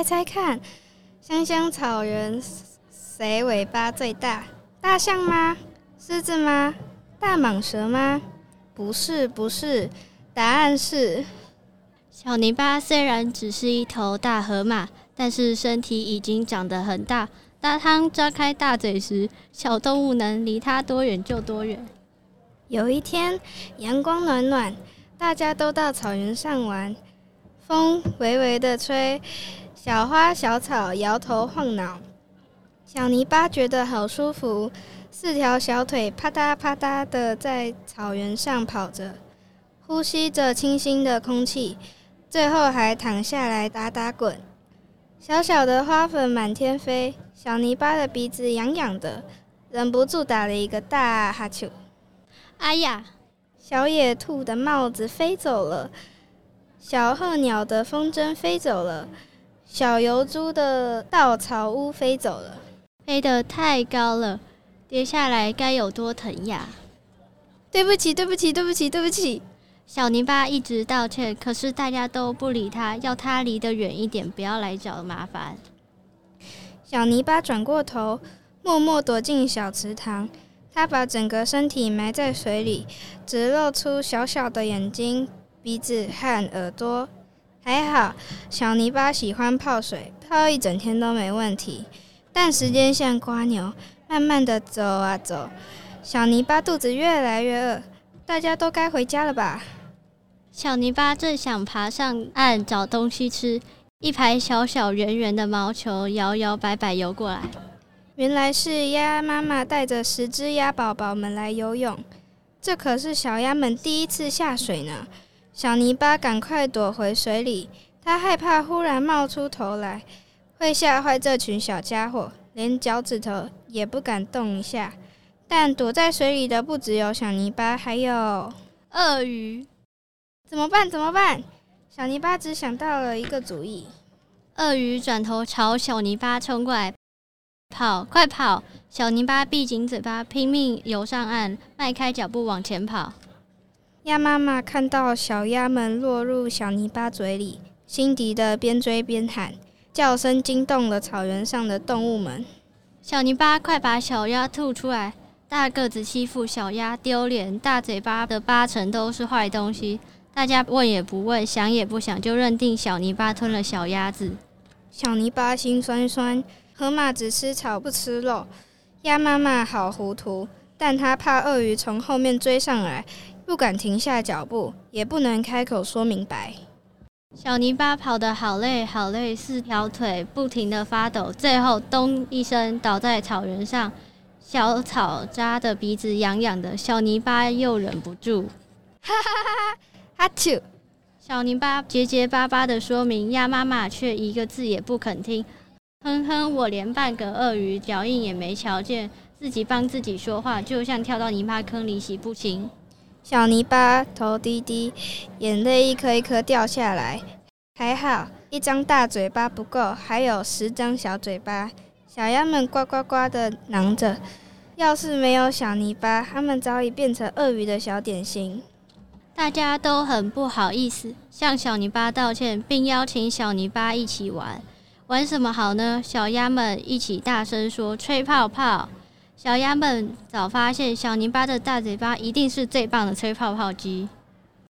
猜猜看，香香草原誰尾巴最大？大象嗎？獅子嗎？大蟒蛇嗎？不是，不是。答案是：小泥巴雖然只是一頭大河馬，但是身體已經長得很大。大湯張開大嘴時，小動物能離它多遠就多遠。有一天，陽光暖暖，大家都到草原上玩，風微微的吹。小花、小草搖頭晃腦，小泥巴覺得好舒服。四條小腿啪嗒啪嗒的在草原上跑着，呼吸着清新的空氣，最後還躺下來打打滾。小小的花粉滿天飛，小泥巴的鼻子癢癢的，忍不住打了一個大哈欠。哎呀，小野兔的帽子飛走了，小鶴鳥的風箏飛走了。小疣豬的稻草屋飛走了，飛得太高了，跌下來該有多疼呀！對不起，對不起，對不起，對不起！小泥巴一直道歉，可是大家都不理他，要他離得遠一點，不要來找麻煩。小泥巴轉過頭，默默躲進小池塘。他把整個身體埋在水裡，只露出小小的眼睛、鼻子和耳朵。還好，小泥巴喜歡泡水，泡一整天都沒問題。但時間像蝸牛，慢慢的走啊走，小泥巴肚子越來越餓，大家都該回家了吧？小泥巴正想爬上岸找東西吃，一排小小圓圓的毛球搖搖擺擺游過來，原來是鴨媽媽帶着十隻鴨寶寶們來游泳，這可是小鴨們第一次下水呢。小泥巴，趕快躲回水裡！他害怕忽然冒出頭來，會嚇壞這群小家伙，連腳趾頭也不敢動一下。但躲在水裡的不只有小泥巴，還有鱷魚。怎麼辦？怎麼辦？小泥巴只想到了一個主意。鱷魚轉頭朝小泥巴衝過來，跑！快跑！小泥巴閉緊嘴巴，拼命游上岸，邁開腳步往前跑。鴨媽媽看到小鴨們落入小泥巴嘴裡，心急的邊追邊喊，叫聲驚動了草原上的動物們。小泥巴，快把小鴨吐出來！大個子欺負小鴨，丟臉！大嘴巴的八成都是壞東西。大家問也不問，想也不想就認定小泥巴吞了小鴨子。小泥巴心酸酸。河馬只吃草不吃肉。鴨媽媽好糊塗，但她怕鱷魚從後面追上來。不敢停下腳步，也不能開口說明白。小泥巴跑得好累，好累，四條腿不停的發抖。最後，咚一聲倒在草原上，小草扎的鼻子癢癢的。小泥巴又忍不住，哈哈哈！阿嚏！小泥巴結結巴巴的說明，鴨媽媽卻一個字也不肯聽。哼哼，我連半個鱷魚腳印也沒瞧見，自己幫自己說話，就像跳到泥巴坑裡洗不清。小泥巴頭低低，眼淚一顆一顆掉下來。還好，一張大嘴巴不夠，還有十張小嘴巴，小鴨們呱呱呱地嚷着。要是沒有小泥巴，它們早已變成鱷魚的小點心。大家都很不好意思，向小泥巴道歉，並邀請小泥巴一起玩。玩什麼好呢？小鴨們一起大聲說：“吹泡泡。”小鴨們早發現，小泥巴的大嘴巴一定是最棒的吹泡泡機。